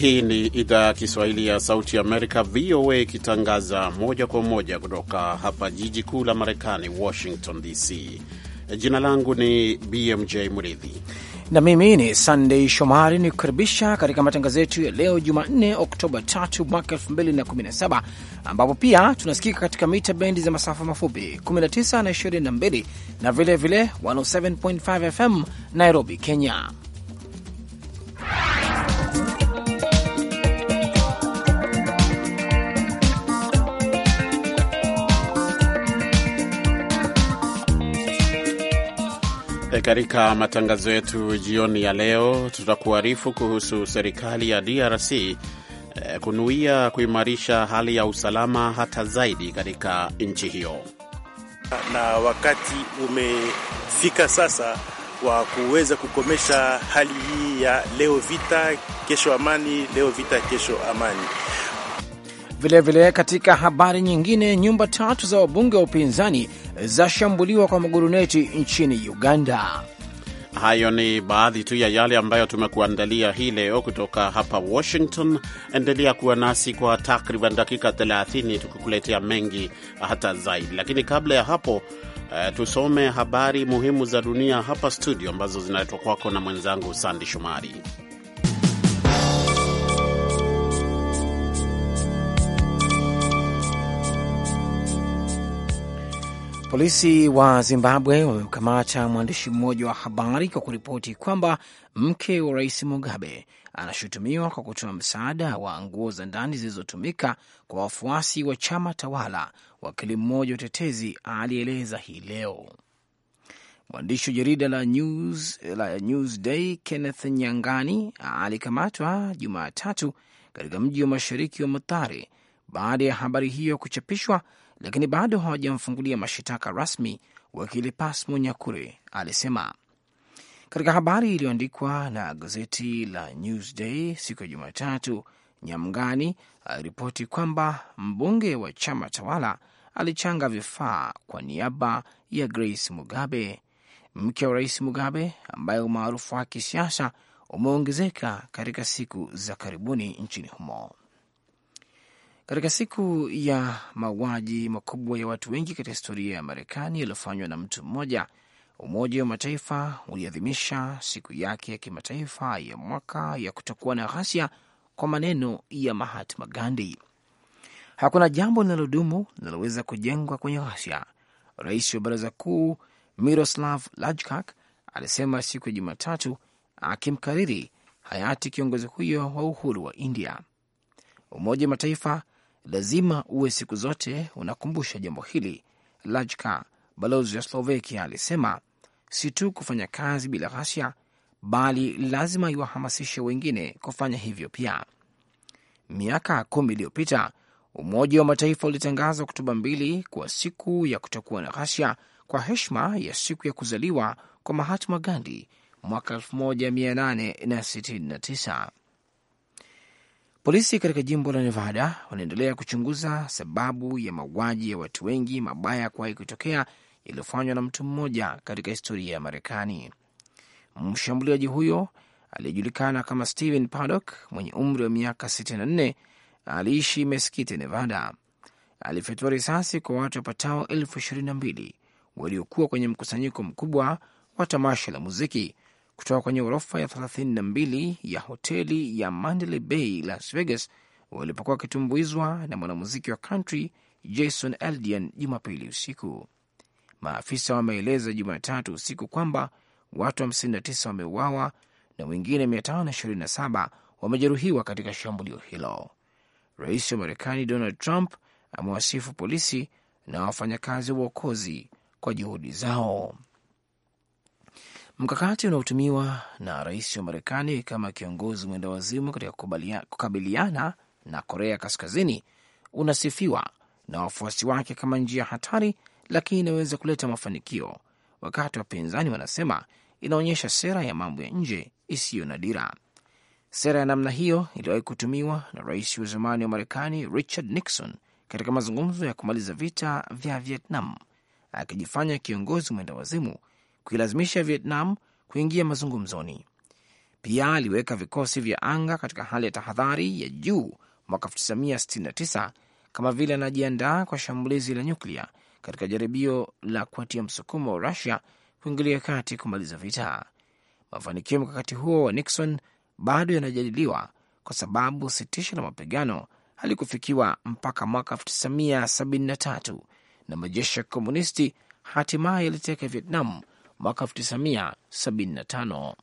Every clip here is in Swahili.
Hii ni idhaa ya Kiswahili ya Sauti Amerika, VOA, ikitangaza moja kwa moja kutoka hapa jiji kuu la Marekani, Washington DC. Jina langu ni BMJ Mridhi na mimi ni Sandei Shomari, ni kukaribisha katika matangazo yetu ya leo Jumanne, Oktoba 3 mwaka 2017, ambapo pia tunasikika katika mita bendi za masafa mafupi 19 na 22 na vilevile 107.5 FM Nairobi, Kenya E, katika matangazo yetu jioni ya leo tutakuarifu kuhusu serikali ya DRC e, kunuia kuimarisha hali ya usalama hata zaidi katika nchi hiyo, na wakati umefika sasa wa kuweza kukomesha hali hii ya leo vita kesho amani, leo vita kesho amani. Vilevile vile katika habari nyingine, nyumba tatu za wabunge wa upinzani zashambuliwa kwa maguruneti nchini Uganda. Hayo ni baadhi tu ya yale ambayo tumekuandalia hii leo kutoka hapa Washington. Endelea kuwa nasi kwa takriban dakika 30 tukikuletea mengi hata zaidi, lakini kabla ya hapo uh, tusome habari muhimu za dunia hapa studio ambazo zinaletwa kwako na mwenzangu Sandi shomari Polisi wa Zimbabwe wamemkamata mwandishi mmoja wa habari kwa kuripoti kwamba mke wa rais Mugabe anashutumiwa kwa kutoa msaada wa nguo za ndani zilizotumika kwa wafuasi wa chama tawala. Wakili mmoja wa utetezi alieleza hii leo. Mwandishi wa jarida la News, la Newsday Kenneth Nyangani alikamatwa Jumatatu katika mji wa mashariki wa Mathare baada ya habari hiyo kuchapishwa lakini bado hawajamfungulia mashitaka rasmi, wakili Pasmo Nyakure alisema katika habari iliyoandikwa na gazeti la Newsday siku ya Jumatatu. Nyamgani aliripoti kwamba mbunge wa chama tawala alichanga vifaa kwa niaba ya Grace Mugabe, mke wa rais Mugabe, ambaye umaarufu wa kisiasa umeongezeka katika siku za karibuni nchini humo. Katika siku ya mauaji makubwa ya watu wengi katika historia ya Marekani yaliyofanywa na mtu mmoja, Umoja wa Mataifa uliadhimisha siku yake ya kimataifa ya mwaka ya kutokuwa na ghasia kwa maneno ya Mahatma Gandhi, hakuna jambo linalodumu linaloweza kujengwa kwenye ghasia. Rais wa Baraza Kuu Miroslav Lajkak alisema siku ya Jumatatu akimkariri hayati kiongozi huyo wa uhuru wa India. Umoja wa Mataifa lazima uwe siku zote unakumbusha jambo hili. Lajka, balozi wa Slovakia, alisema si tu kufanya kazi bila ghasia, bali lazima iwahamasishe wengine kufanya hivyo pia. Miaka kumi iliyopita Umoja wa Mataifa ulitangaza Oktoba mbili kuwa siku ya kutokuwa na ghasia kwa heshima ya siku ya kuzaliwa kwa Mahatma Gandhi mwaka 1869. Polisi katika jimbo la Nevada wanaendelea kuchunguza sababu ya mauaji ya watu wengi mabaya kuwahi kutokea yaliyofanywa na mtu mmoja katika historia ya Marekani. Mshambuliaji huyo aliyejulikana kama Stephen Paddock mwenye umri wa miaka 64 aliishi Mesquite, Nevada. Alifyatua risasi kwa watu wapatao elfu ishirini na mbili waliokuwa kwenye mkusanyiko mkubwa wa tamasha la muziki kutoka kwenye ghorofa ya 32 ya hoteli ya Mandalay Bay, Las Vegas, walipokuwa wakitumbuizwa na mwanamuziki wa country Jason Aldean Jumapili usiku. Maafisa wameeleza Jumatatu usiku kwamba watu 59 wameuawa na wengine 527 wamejeruhiwa katika shambulio hilo. Rais wa Marekani Donald Trump amewasifu polisi na wafanyakazi wa uokozi kwa juhudi zao. Mkakati unaotumiwa na rais wa Marekani kama kiongozi mwenda wazimu katika kukabiliana na Korea Kaskazini unasifiwa na wafuasi wake kama njia hatari, lakini inaweza kuleta mafanikio, wakati wapinzani wanasema inaonyesha sera ya mambo ya nje isiyo na dira. Sera ya namna hiyo iliwahi kutumiwa na rais wa zamani wa Marekani Richard Nixon katika mazungumzo ya kumaliza vita vya Vietnam, akijifanya kiongozi mwenda wazimu kuilazimisha Vietnam kuingia mazungumzoni. Pia aliweka vikosi vya anga katika hali ya tahadhari ya juu mwaka 1969 kama vile anajiandaa kwa shambulizi la nyuklia katika jaribio la kuatia msukumo wa Rusia kuingilia kati kumaliza vita. Mafanikio ya mkakati huo wa Nixon bado yanajadiliwa kwa sababu sitisho la mapigano halikufikiwa mpaka mwaka 1973 na majeshi ya kikomunisti hatimaye yaliteka Vietnam mwaka 1975.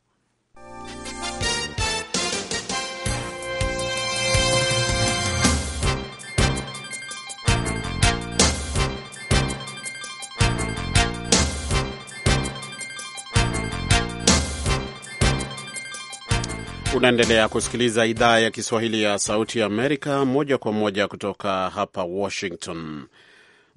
Unaendelea kusikiliza idhaa ya Kiswahili ya Sauti ya Amerika moja kwa moja kutoka hapa Washington.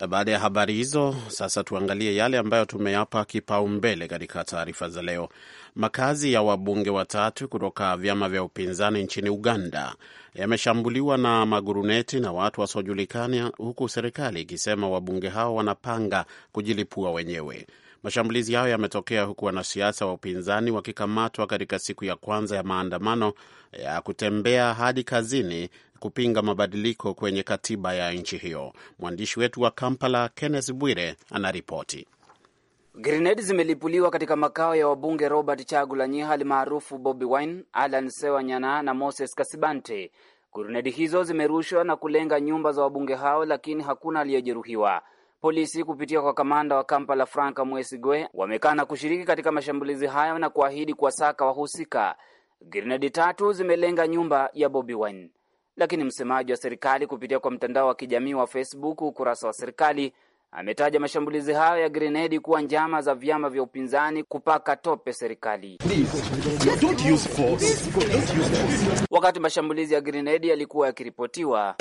Baada ya habari hizo, sasa tuangalie yale ambayo tumeyapa kipaumbele katika taarifa za leo. Makazi ya wabunge watatu kutoka vyama vya upinzani nchini Uganda yameshambuliwa na maguruneti na watu wasiojulikana, huku serikali ikisema wabunge hao wanapanga kujilipua wenyewe. Mashambulizi hayo yametokea huku wanasiasa wa upinzani wakikamatwa katika siku ya kwanza ya maandamano ya kutembea hadi kazini kupinga mabadiliko kwenye katiba ya nchi hiyo. Mwandishi wetu wa Kampala, Kenneth Bwire, anaripoti. Grenedi zimelipuliwa katika makao ya wabunge Robert Chagulanyi hali maarufu Bobi Wine, Alan Sewanyana na Moses Kasibante. Grenedi hizo zimerushwa na kulenga nyumba za wabunge hao, lakini hakuna aliyejeruhiwa. Polisi kupitia kwa kamanda wa Kampala Franka Mwesigwe wamekana kushiriki katika mashambulizi hayo na kuahidi kuwasaka wahusika. Grenadi tatu zimelenga nyumba ya Bobi Wine, lakini msemaji wa serikali kupitia kwa mtandao wa kijamii wa Facebook, ukurasa wa serikali ametaja mashambulizi hayo ya grenedi kuwa njama za vyama vya upinzani kupaka tope serikali. Wakati mashambulizi ya grenedi yalikuwa yakiripotiwa,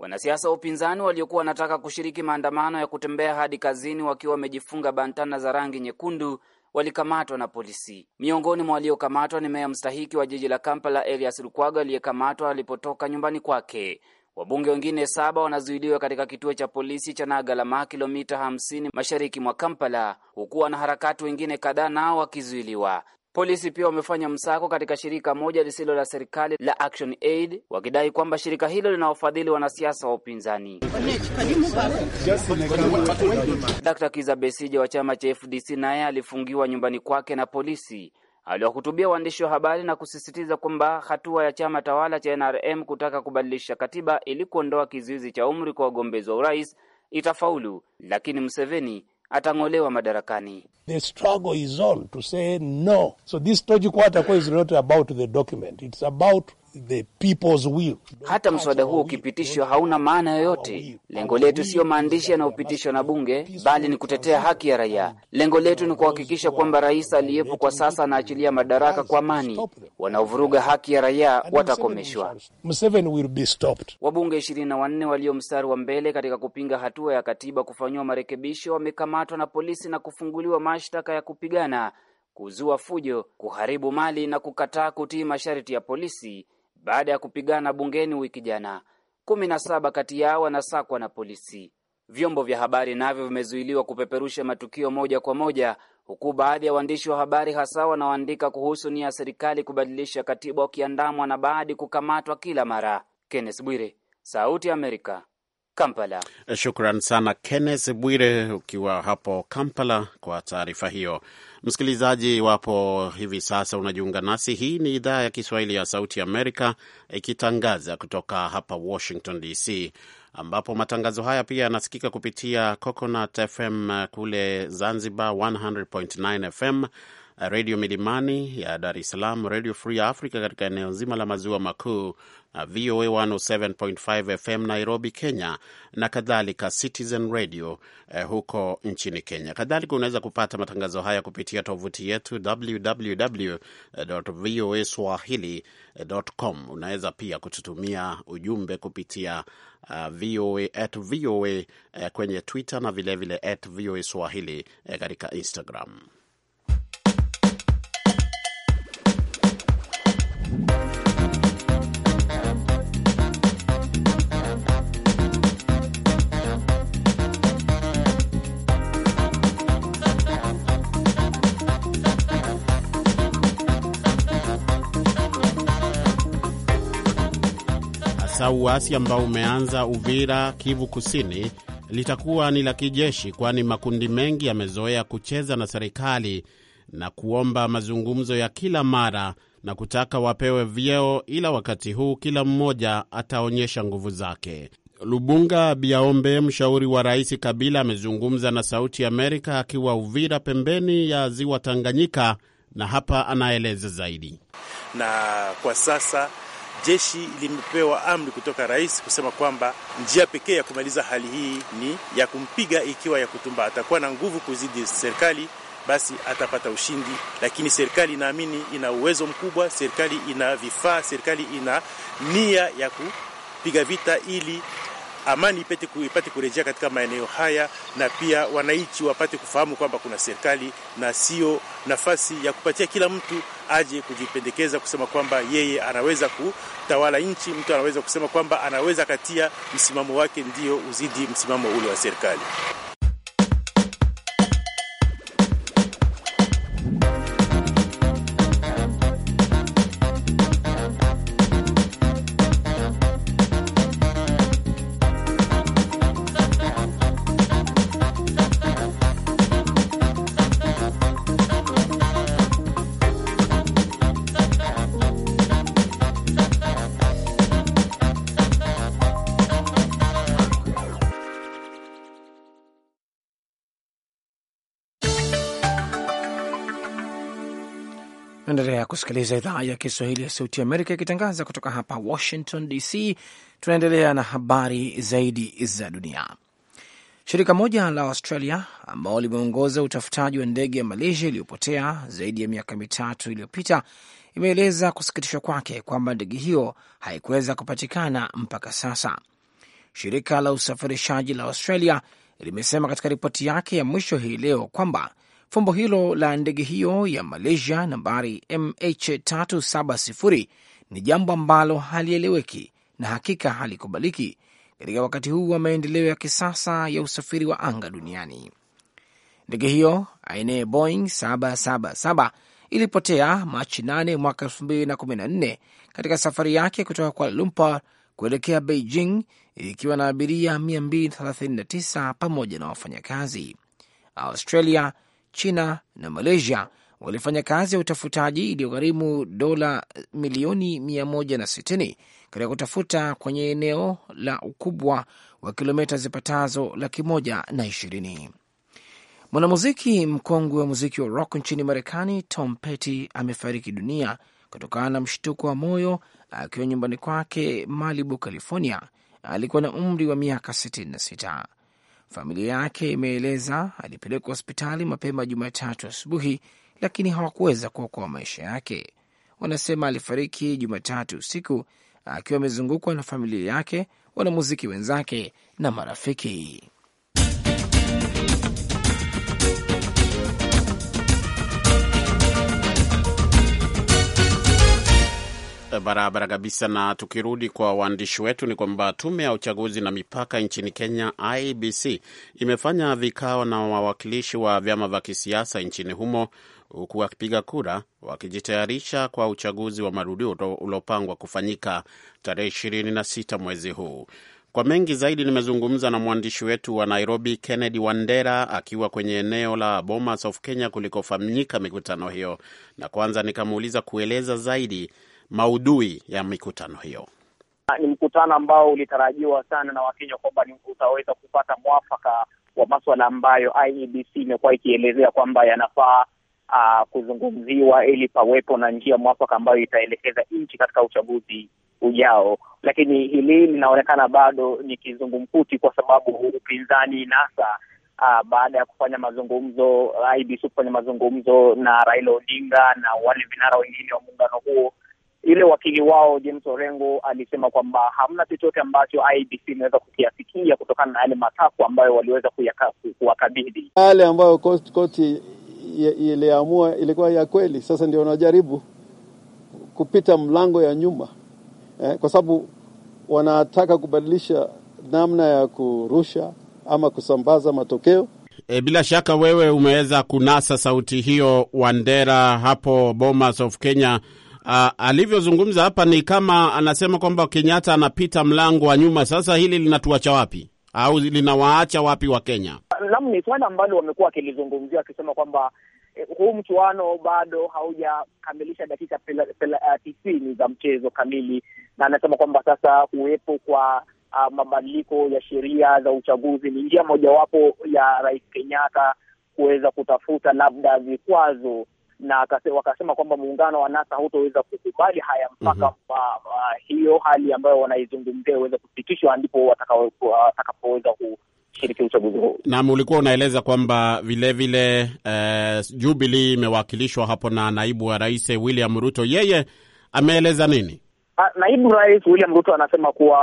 wanasiasa wa upinzani waliokuwa wanataka kushiriki maandamano ya kutembea hadi kazini wakiwa wamejifunga bantana za rangi nyekundu walikamatwa na polisi. Miongoni mwa waliokamatwa ni meya mstahiki wa jiji la Kampala Elias Lukwago aliyekamatwa alipotoka nyumbani kwake. Wabunge wengine saba wanazuiliwa katika kituo cha polisi cha Nagalama, kilomita 50 mashariki mwa Kampala, huku wanaharakati wengine kadhaa nao wakizuiliwa. Polisi pia wamefanya msako katika shirika moja lisilo la serikali la Action Aid wakidai kwamba shirika hilo linawafadhili wanasiasa wa upinzani. Dr. Kiza Besije wa chama cha FDC naye alifungiwa nyumbani kwake na polisi. Aliwahutubia waandishi wa habari na kusisitiza kwamba hatua ya chama tawala cha NRM kutaka kubadilisha katiba ili kuondoa kizuizi cha umri kwa wagombezi wa urais itafaulu, lakini Museveni atang'olewa madarakani. The struggle is on to say no. So this strategic quarter is not about the document. It's about The people's will. Hata mswada huo ukipitishwa hauna maana yoyote. Lengo letu siyo maandishi yanayopitishwa na bunge, bali ni kutetea haki ya raia. Lengo letu ni kuhakikisha kwamba rais aliyepo kwa sasa anaachilia madaraka kwa amani. Wanaovuruga haki ya raia watakomeshwa. Wabunge ishirini na wanne walio mstari wa mbele katika kupinga hatua ya katiba kufanyiwa marekebisho wamekamatwa na polisi na kufunguliwa mashtaka ya kupigana, kuzua fujo, kuharibu mali na kukataa kutii masharti ya polisi baada ya kupigana bungeni wiki jana. Kumi na saba kati yao wanasakwa na polisi. Vyombo vya habari navyo vimezuiliwa kupeperusha matukio moja kwa moja, huku baadhi ya waandishi wa habari hasa wanaoandika kuhusu nia ya serikali kubadilisha katiba wakiandamwa na baadhi kukamatwa kila mara. Kenneth Bwire, Sauti ya Amerika, Kampala. Shukran sana Kenneth Bwire ukiwa hapo Kampala kwa taarifa hiyo. Msikilizaji, iwapo hivi sasa unajiunga nasi, hii ni idhaa ya Kiswahili ya Sauti Amerika ikitangaza kutoka hapa Washington DC, ambapo matangazo haya pia yanasikika kupitia Coconut FM kule Zanzibar, 100.9 FM Eh, Redio Milimani ya Dar es Salaam, Redio Free Africa katika eneo zima la maziwa makuu na eh, VOA 107.5 FM Nairobi, Kenya, na kadhalika Citizen Radio eh, huko nchini Kenya. Kadhalika unaweza kupata matangazo haya kupitia tovuti yetu www voa swahilicom Unaweza pia kututumia ujumbe kupitia uh, VOA at VOA eh, kwenye Twitter na vilevile at VOA Swahili eh, katika Instagram. Sasa uasi ambao umeanza Uvira, Kivu Kusini, litakuwa ni la kijeshi, kwani makundi mengi yamezoea kucheza na serikali na kuomba mazungumzo ya kila mara na kutaka wapewe vyeo, ila wakati huu kila mmoja ataonyesha nguvu zake. Lubunga Biaombe, mshauri wa Rais Kabila, amezungumza na Sauti Amerika akiwa Uvira, pembeni ya ziwa Tanganyika, na hapa anaeleza zaidi. Na kwa sasa jeshi limepewa amri kutoka rais kusema kwamba njia pekee ya kumaliza hali hii ni ya kumpiga. Ikiwa ya kutumba atakuwa na nguvu kuzidi serikali, basi atapata ushindi. Lakini serikali inaamini ina uwezo mkubwa, serikali ina vifaa, serikali ina nia ya kupiga vita ili amani ipate, ipate kurejea katika maeneo haya, na pia wananchi wapate kufahamu kwamba kuna serikali na sio nafasi ya kupatia kila mtu aje kujipendekeza kusema kwamba yeye anaweza kutawala nchi. Mtu anaweza kusema kwamba anaweza katia msimamo wake ndio uzidi msimamo ule wa serikali. kusikiliza idhaa ya Kiswahili ya Sauti ya Amerika ikitangaza kutoka hapa Washington DC. Tunaendelea na habari zaidi za dunia. Shirika moja la Australia ambao limeongoza utafutaji wa ndege ya Malaysia iliyopotea zaidi ya miaka mitatu iliyopita imeeleza kusikitishwa kwake kwamba ndege hiyo haikuweza kupatikana mpaka sasa. Shirika la usafirishaji la Australia limesema katika ripoti yake ya mwisho hii leo kwamba Fumbo hilo la ndege hiyo ya Malaysia nambari MH370 ni jambo ambalo halieleweki na hakika halikubaliki katika wakati huu wa maendeleo ya kisasa ya usafiri wa anga duniani. Ndege hiyo aina ya Boeing 777 ilipotea Machi 8 mwaka 2014 katika safari yake kutoka Kuala Lumpur kuelekea Beijing ikiwa na abiria 239 pamoja na wafanyakazi. Australia China na Malaysia walifanya kazi ya utafutaji iliyogharimu dola milioni 160 katika kutafuta kwenye eneo la ukubwa wa kilomita zipatazo laki moja na ishirini. Mwanamuziki mkongwe wa muziki wa rock nchini Marekani, Tom Petty amefariki dunia kutokana na mshtuko wa moyo akiwa nyumbani kwake Malibu, California. Alikuwa na umri wa miaka 66. Familia yake imeeleza alipelekwa hospitali mapema Jumatatu asubuhi, lakini hawakuweza kuokoa maisha yake. Wanasema alifariki Jumatatu usiku akiwa amezungukwa na familia yake, wanamuziki wenzake na marafiki. Eh, barabara kabisa. Na tukirudi kwa waandishi wetu, ni kwamba tume ya uchaguzi na mipaka nchini Kenya, IBC, imefanya vikao na wawakilishi wa vyama vya kisiasa nchini humo huku wakipiga kura wakijitayarisha kwa uchaguzi wa marudio uliopangwa kufanyika tarehe 26 mwezi huu. Kwa mengi zaidi nimezungumza na mwandishi wetu wa Nairobi, Kennedy Wandera, akiwa kwenye eneo la Bomas of Kenya kulikofanyika mikutano hiyo, na kwanza nikamuuliza kueleza zaidi maudhui ya mikutano hiyo? Ah, ni mkutano ambao ulitarajiwa sana na Wakenya kwamba utaweza kupata mwafaka wa maswala ambayo IEBC imekuwa ikielezea kwamba yanafaa uh, kuzungumziwa ili pawepo na njia mwafaka ambayo itaelekeza nchi katika uchaguzi ujao, lakini hili linaonekana bado ni kizungumkuti, kwa sababu upinzani NASA uh, ah, baada ya kufanya mazungumzo IEBC kufanya mazungumzo na Raila Odinga na wale vinara wengine wa muungano huo yule wakili wao James Orengo alisema kwamba hamna chochote ambacho IBC inaweza kukiafikia kutokana na yale matakwa ambayo waliweza kuwakabidhi. Yale ambayo koti iliamua ilikuwa ya kweli. Sasa ndio wanajaribu kupita mlango ya nyuma eh, kwa sababu wanataka kubadilisha namna ya kurusha ama kusambaza matokeo. E, bila shaka wewe umeweza kunasa sauti hiyo Wandera hapo Bomas of Kenya Ah, alivyozungumza hapa ni kama anasema kwamba Kenyatta anapita mlango wa nyuma. Sasa hili linatuacha wapi au linawaacha wapi wa Kenya? Naam, ni swala ambalo wamekuwa wakilizungumzia wakisema kwamba eh, huu mchuano bado haujakamilisha dakika ah, tisini za mchezo kamili, na anasema kwamba sasa kuwepo kwa uh, mabadiliko ya sheria za uchaguzi ni njia mojawapo ya Rais Kenyatta kuweza kutafuta labda vikwazo na wakasema kwamba muungano wa NASA hautoweza kukubali haya mpaka mm -hmm. uh, hiyo hali ambayo wanaizungumzia iweze kupitishwa, ndipo watakapoweza ku shiriki uchaguzi huu. Naam, ulikuwa unaeleza kwamba vilevile eh, Jubili imewakilishwa hapo na naibu wa rais William Ruto. Yeye ameeleza nini? Ah, naibu Rais William Ruto anasema kuwa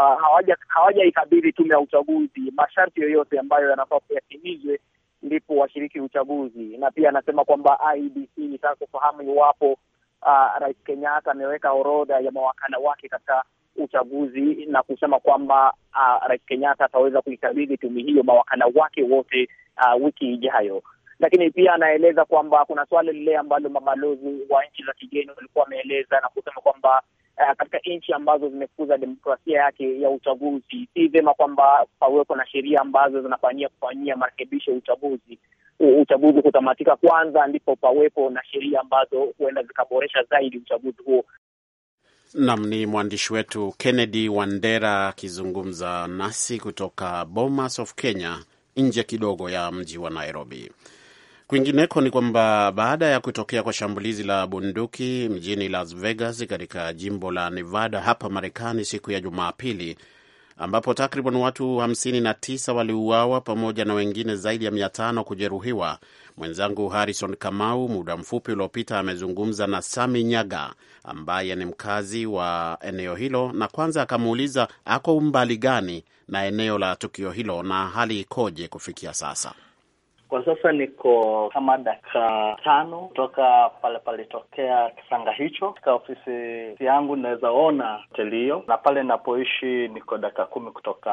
hawajaikabidhi hawaja tume ya uchaguzi masharti yoyote ambayo yanafaa kuyatimizwe ndipo washiriki uchaguzi. Na pia anasema kwamba IEBC ilitaka kufahamu iwapo uh, Rais Kenyatta ameweka orodha ya mawakala wake katika uchaguzi na kusema kwamba uh, Rais Kenyatta ataweza kuikabidhi tumi hiyo mawakala wake wote uh, wiki ijayo. Lakini pia anaeleza kwamba kuna swala lile ambalo mabalozi wa nchi za kigeni walikuwa wameeleza na kusema kwamba uh, katika nchi ambazo zimekuza demokrasia yake ya uchaguzi, si vyema kwamba pawepo na sheria ambazo zinafanyia kufanyia marekebisho ya uchaguzi uchaguzi kutamatika kwanza, ndipo pawepo na sheria ambazo huenda zikaboresha zaidi uchaguzi huo. Nam ni mwandishi wetu Kennedy Wandera akizungumza nasi kutoka Bomas of Kenya, nje kidogo ya mji wa Nairobi. Kwingineko ni kwamba baada ya kutokea kwa shambulizi la bunduki mjini Las Vegas katika jimbo la Nevada hapa Marekani siku ya Jumapili, ambapo takriban watu 59 waliuawa pamoja na wengine zaidi ya 500 kujeruhiwa, mwenzangu Harrison Kamau muda mfupi uliopita amezungumza na Sami Nyaga ambaye ni mkazi wa eneo hilo, na kwanza akamuuliza ako umbali gani na eneo la tukio hilo na hali ikoje kufikia sasa. Kwa sasa niko kama dakika tano kutoka pale palitokea kisanga hicho. Katika ofisi yangu naweza ona hoteli hiyo, na pale inapoishi niko dakika kumi kutoka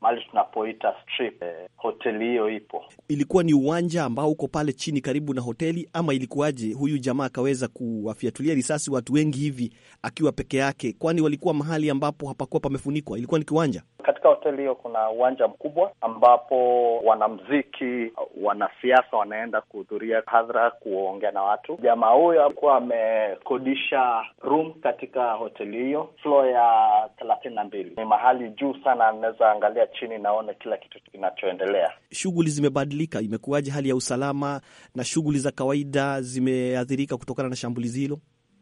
mali tunapoita strip. Eh, hoteli hiyo ipo. Ilikuwa ni uwanja ambao uko pale chini karibu na hoteli, ama ilikuwaje? Huyu jamaa akaweza kuwafiatulia risasi watu wengi hivi akiwa peke yake, kwani walikuwa mahali ambapo hapakuwa pamefunikwa, ilikuwa ni kiwanja. Katika hoteli hiyo kuna uwanja mkubwa ambapo wanamziki, wanasiasa wanaenda kuhudhuria hadhara, kuongea na watu. Jamaa huyo alikuwa amekodisha room katika hoteli hiyo, floor ya thelathini na mbili. Ni mahali juu sana, anaweza angalia chini naone kila kitu kinachoendelea. Shughuli zimebadilika, imekuwaje? Hali ya usalama na shughuli za kawaida zimeathirika kutokana na shambulizi hilo?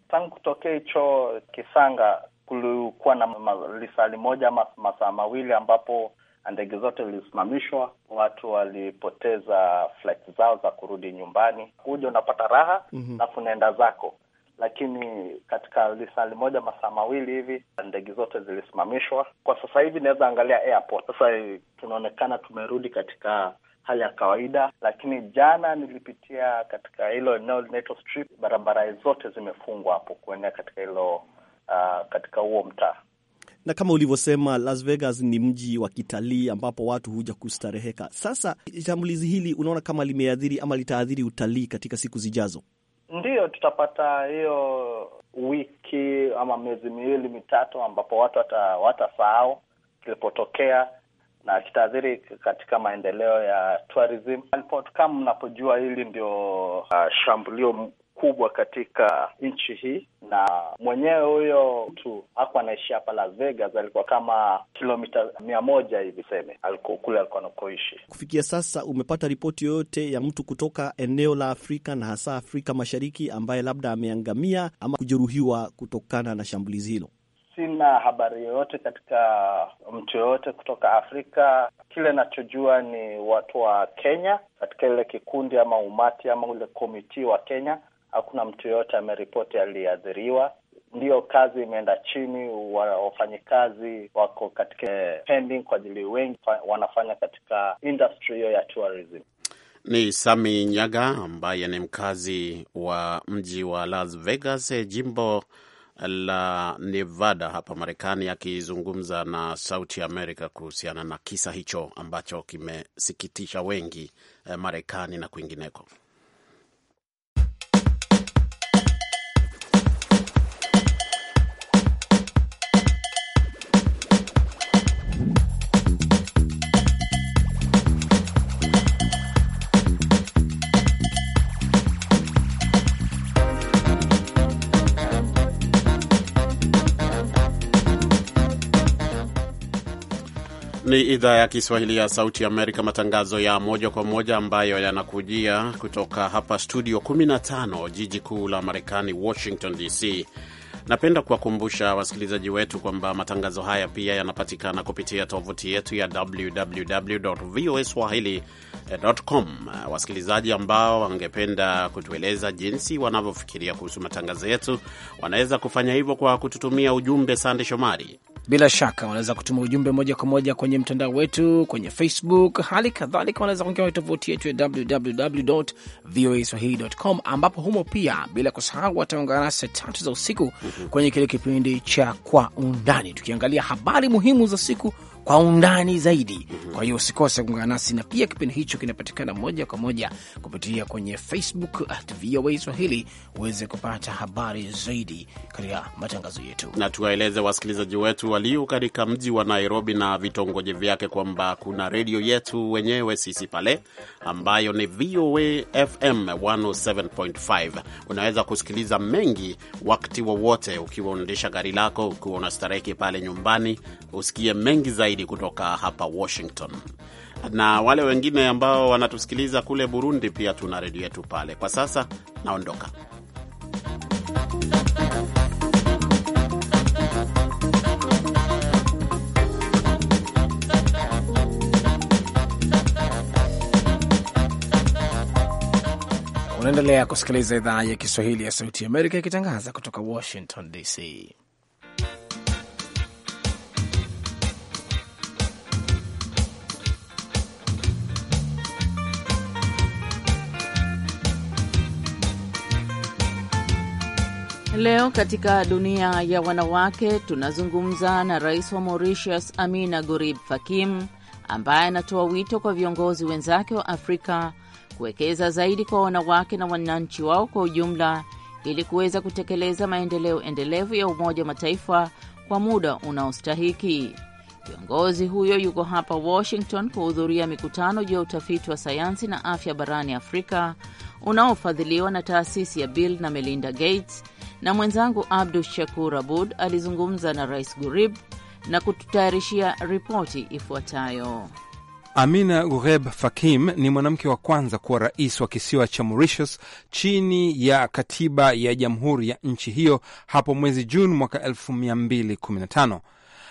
Tangu kutokea hicho kisanga, kulikuwa na lisali moja ama masaa mawili ambapo ndege zote zilisimamishwa, watu walipoteza flight zao za kurudi nyumbani. Huja unapata raha, mhm. alafu mm -hmm. naenda zako lakini katika lisali moja masaa mawili hivi ndege zote zilisimamishwa. Kwa sasa hivi inaweza angalia airport. Sasa tunaonekana tumerudi katika hali ya kawaida, lakini jana nilipitia katika hilo eneo linaitwa Strip, barabara zote zimefungwa hapo kuenea katika hilo uh, katika huo mtaa na kama ulivyosema Las Vegas ni mji wa kitalii ambapo watu huja kustareheka. Sasa shambulizi hili unaona kama limeadhiri ama litaadhiri utalii katika siku zijazo? Ndiyo, tutapata hiyo wiki ama miezi miwili mitatu, ambapo watu watasahau kilipotokea na kitaathiri katika maendeleo ya tourism. Kama mnapojua hili ndio uh, shambulio kubwa katika nchi hii, na mwenyewe huyo mtu hakuwa anaishi hapa Las Vegas, alikuwa kama kilomita mia moja hivi seme kule alikuwa anakoishi. Kufikia sasa, umepata ripoti yoyote ya mtu kutoka eneo la Afrika na hasa Afrika Mashariki ambaye labda ameangamia ama kujeruhiwa kutokana na shambulizi hilo? Sina habari yoyote katika mtu yoyote kutoka Afrika. Kile nachojua ni watu wa Kenya katika ile kikundi ama umati ama ule komiti wa Kenya hakuna mtu yoyote ameripoti aliyeathiriwa. Ndiyo, kazi imeenda chini, wafanyikazi wako katika eh, pending kwa ajili wengi wanafanya katika industry hiyo ya tourism. Ni Sami Nyaga ambaye ni mkazi wa mji wa Las Vegas, eh, jimbo la Nevada hapa Marekani, akizungumza na Sauti Amerika kuhusiana na kisa hicho ambacho kimesikitisha wengi eh, Marekani na kwingineko. Ni idhaa ya Kiswahili ya Sauti Amerika, matangazo ya moja kwa moja ambayo yanakujia kutoka hapa studio 15 jiji kuu la Marekani, Washington DC. Napenda kuwakumbusha wasikilizaji wetu kwamba matangazo haya pia yanapatikana kupitia tovuti yetu ya www voa swahili.com. Wasikilizaji ambao wangependa kutueleza jinsi wanavyofikiria kuhusu matangazo yetu wanaweza kufanya hivyo kwa kututumia ujumbe. Sande Shomari bila shaka wanaweza kutuma ujumbe moja kwa moja kwenye mtandao wetu kwenye Facebook, hali kadhalika wanaweza kuingia kwenye tovuti yetu ya www voa swahili.com, ambapo humo pia bila kusahau wataungana nasi saa tatu za usiku kwenye kile kipindi cha Kwa Undani, tukiangalia habari muhimu za siku kwa undani zaidi. Kwa hiyo usikose kuungana nasi, na pia kipindi hicho kinapatikana moja kwa moja kupitia kwenye Facebook at VOA Swahili uweze kupata habari zaidi katika matangazo yetu. Na tuwaeleze wasikilizaji wetu walio katika mji wa Nairobi na vitongoji vyake kwamba kuna redio yetu wenyewe sisi pale ambayo ni VOA FM 107.5. Unaweza kusikiliza mengi wakati wowote wa ukiwa unaendesha gari lako, ukiwa unastareki pale nyumbani, usikie mengi zaidi zaidi kutoka hapa Washington. Na wale wengine ambao wanatusikiliza kule Burundi, pia tuna redio yetu pale. Kwa sasa naondoka. Unaendelea kusikiliza idhaa ya Kiswahili ya Sauti ya Amerika ikitangaza kutoka Washington DC. Leo katika dunia ya wanawake tunazungumza na rais wa Mauritius, Amina Gorib Fakim, ambaye anatoa wito kwa viongozi wenzake wa Afrika kuwekeza zaidi kwa wanawake na wananchi wao kwa ujumla ili kuweza kutekeleza maendeleo endelevu ya Umoja wa Mataifa kwa muda unaostahiki. Kiongozi huyo yuko hapa Washington kuhudhuria mikutano juu ya utafiti wa sayansi na afya barani Afrika unaofadhiliwa na taasisi ya Bill na Melinda Gates na mwenzangu Abdu Shakur Abud alizungumza na Rais Gurib na kututayarishia ripoti ifuatayo. Amina Gureb Fakim ni mwanamke wa kwanza kuwa rais wa kisiwa cha Mauritius chini ya katiba ya jamhuri ya nchi hiyo hapo mwezi Juni mwaka 2015.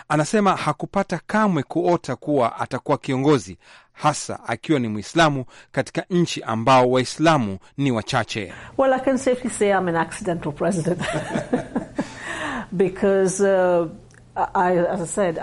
Anasema hakupata kamwe kuota kuwa atakuwa kiongozi hasa akiwa ni Mwislamu katika nchi ambao Waislamu ni wachache. Well, I can safely say I'm an accidental president because, uh...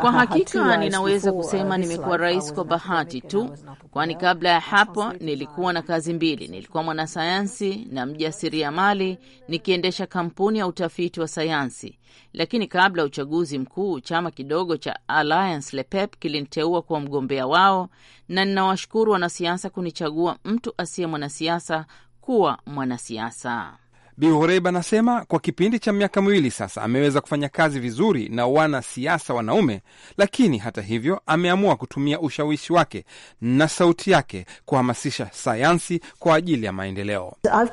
Kwa hakika ninaweza uh, kusema nimekuwa rais kwa bahati tu, kwani kabla ya hapo nilikuwa na kazi mbili. Nilikuwa mwanasayansi na mjasiriamali nikiendesha kampuni ya utafiti wa sayansi, lakini kabla ya uchaguzi mkuu chama kidogo cha Alliance Lepep kiliniteua kuwa mgombea wao, na ninawashukuru wanasiasa kunichagua mtu asiye mwanasiasa kuwa mwanasiasa. Bi Horeib anasema kwa kipindi cha miaka miwili sasa ameweza kufanya kazi vizuri na wanasiasa wanaume, lakini hata hivyo ameamua kutumia ushawishi wake na sauti yake kuhamasisha sayansi kwa ajili ya maendeleo. I've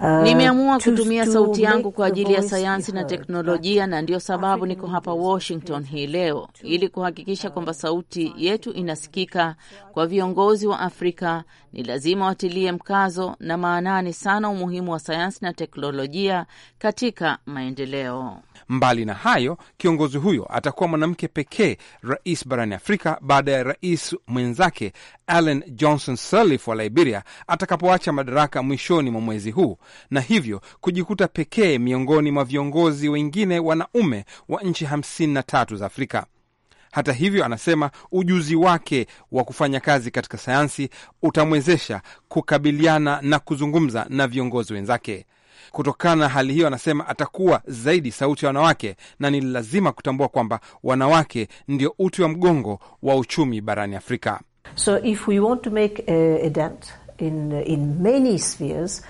Uh, nimeamua kutumia sauti yangu kwa ajili ya sayansi na teknolojia, na ndiyo sababu niko hapa Washington hii leo ili kuhakikisha kwamba uh, sauti yetu inasikika. Kwa viongozi wa Afrika ni lazima watilie mkazo na maanani sana umuhimu wa sayansi na teknolojia katika maendeleo. Mbali na hayo, kiongozi huyo atakuwa mwanamke pekee rais barani Afrika baada ya rais mwenzake Ellen Johnson Sirleaf wa Liberia atakapoacha madaraka mwishoni mwa mwezi huu, na hivyo kujikuta pekee miongoni mwa viongozi wengine wanaume wa nchi 53 za Afrika. Hata hivyo, anasema ujuzi wake wa kufanya kazi katika sayansi utamwezesha kukabiliana na kuzungumza na viongozi wenzake. Kutokana na hali hiyo, anasema atakuwa zaidi sauti ya wanawake na ni lazima kutambua kwamba wanawake ndio uti wa mgongo wa uchumi barani Afrika. So if we want to make a dent in, in many spheres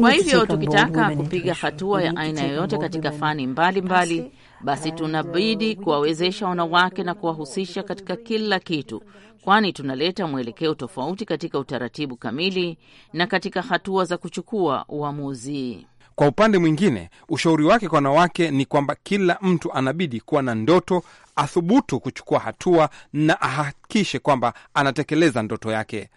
kwa hivyo tukitaka kupiga hatua ya aina yoyote katika fani mbalimbali mbali, basi tunabidi kuwawezesha wanawake na kuwahusisha katika kila kitu, kwani tunaleta mwelekeo tofauti katika utaratibu kamili na katika hatua za kuchukua uamuzi. Kwa upande mwingine, ushauri wake kwa wanawake ni kwamba kila mtu anabidi kuwa na ndoto, athubutu kuchukua hatua na ahakikishe kwamba anatekeleza ndoto yake.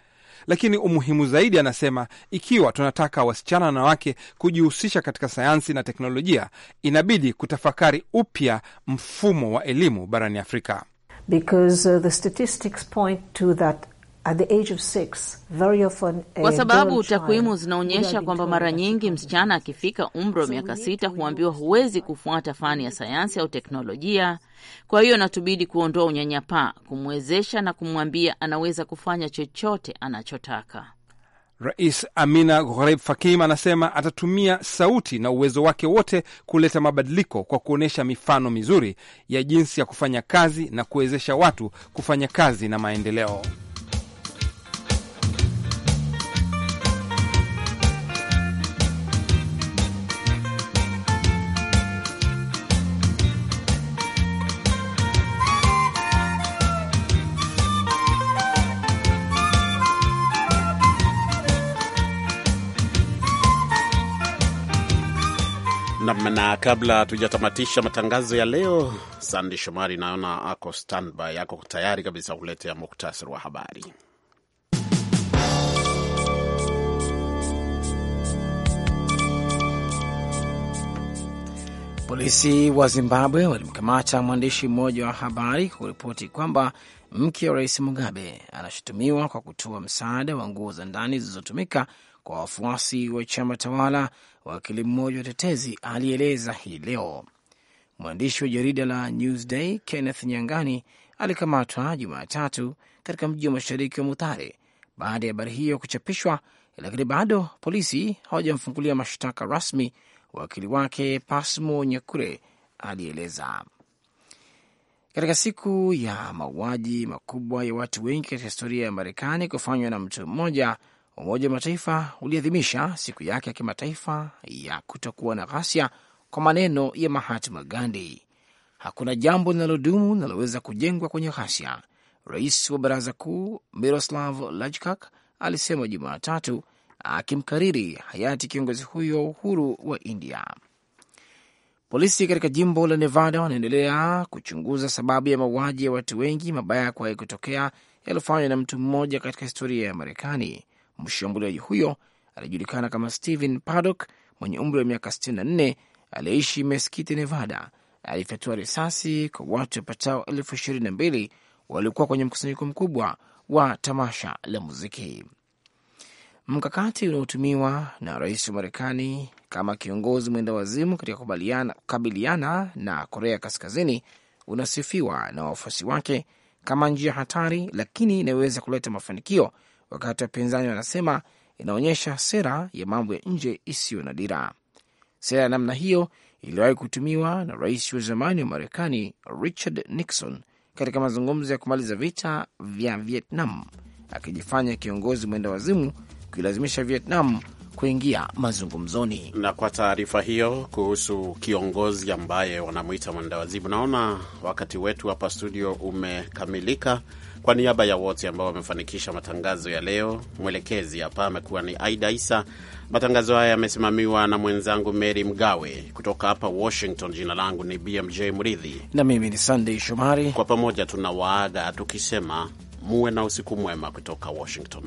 Lakini umuhimu zaidi, anasema ikiwa tunataka wasichana na wanawake kujihusisha katika sayansi na teknolojia, inabidi kutafakari upya mfumo wa elimu barani Afrika. Because, uh, the statistics point to that At the age of six, very often, uh, kwa sababu takwimu zinaonyesha kwamba mara nyingi msichana akifika umri wa miaka sita huambiwa huwezi kufuata fani ya sayansi au teknolojia. Kwa hiyo natubidi kuondoa unyanyapaa, kumwezesha na kumwambia anaweza kufanya chochote anachotaka. Rais Amina ghoreb Fakim anasema atatumia sauti na uwezo wake wote kuleta mabadiliko kwa kuonyesha mifano mizuri ya jinsi ya kufanya kazi na kuwezesha watu kufanya kazi na maendeleo. na kabla tujatamatisha matangazo ya leo, Sandi Shomari naona ako standby, ako tayari kabisa kuletea muktasari wa habari. Polisi wa Zimbabwe walimkamata mwandishi mmoja wa habari kwa kuripoti kwamba mke wa rais Mugabe anashutumiwa kwa kutoa msaada wa nguo za ndani zilizotumika kwa wafuasi wa chama tawala, wakili mmoja wa tetezi alieleza hii leo. Mwandishi wa jarida la Newsday Kenneth Nyangani alikamatwa Jumatatu katika mji wa mashariki wa Mutare baada ya habari hiyo kuchapishwa, lakini bado polisi hawajamfungulia mashtaka rasmi, wakili wake Pasmo Nyakure alieleza. Katika siku ya mauaji makubwa ya watu wengi katika historia ya Marekani kufanywa na mtu mmoja, Umoja wa Mataifa uliadhimisha siku yake ya kimataifa ya kutokuwa na ghasia kwa maneno ya Mahatma Gandhi, hakuna jambo linalodumu linaloweza kujengwa kwenye ghasia, rais wa baraza kuu Miroslav Lajkak alisema Jumatatu, akimkariri hayati kiongozi huyo wa uhuru wa India. Polisi katika jimbo la Nevada wanaendelea kuchunguza sababu ya mauaji ya watu wengi mabaya kuwahi kutokea yaliyofanywa na mtu mmoja katika historia ya Marekani Mshambuliaji huyo alijulikana kama Stephen Paddock mwenye umri wa miaka 64 aliyeishi Meskiti, Nevada, alifyatua risasi kwa watu wapatao elfu ishirini na mbili waliokuwa kwenye mkusanyiko mkubwa wa tamasha la muziki. Mkakati unaotumiwa na rais wa Marekani kama kiongozi mwenda wazimu katika kukabiliana na Korea Kaskazini unasifiwa na wafuasi wake kama njia hatari, lakini inaweza kuleta mafanikio wakati wapinzani wanasema inaonyesha sera ya mambo ya nje isiyo na dira. Sera ya namna hiyo iliwahi kutumiwa na rais wa zamani wa Marekani Richard Nixon katika mazungumzo ya kumaliza vita vya Vietnam, akijifanya kiongozi mwenda wazimu kuilazimisha Vietnam kuingia mazungumzoni. Na kwa taarifa hiyo kuhusu kiongozi ambaye wanamwita mwendawazimu, naona wakati wetu hapa studio umekamilika. Kwa niaba ya wote ambao wamefanikisha matangazo ya leo, mwelekezi hapa amekuwa ni Aida Isa. Matangazo haya yamesimamiwa na mwenzangu Mary Mgawe kutoka hapa Washington. Jina langu ni BMJ Mridhi na mimi ni Sandey Shomari. Kwa pamoja tuna waaga tukisema muwe na usiku mwema kutoka Washington.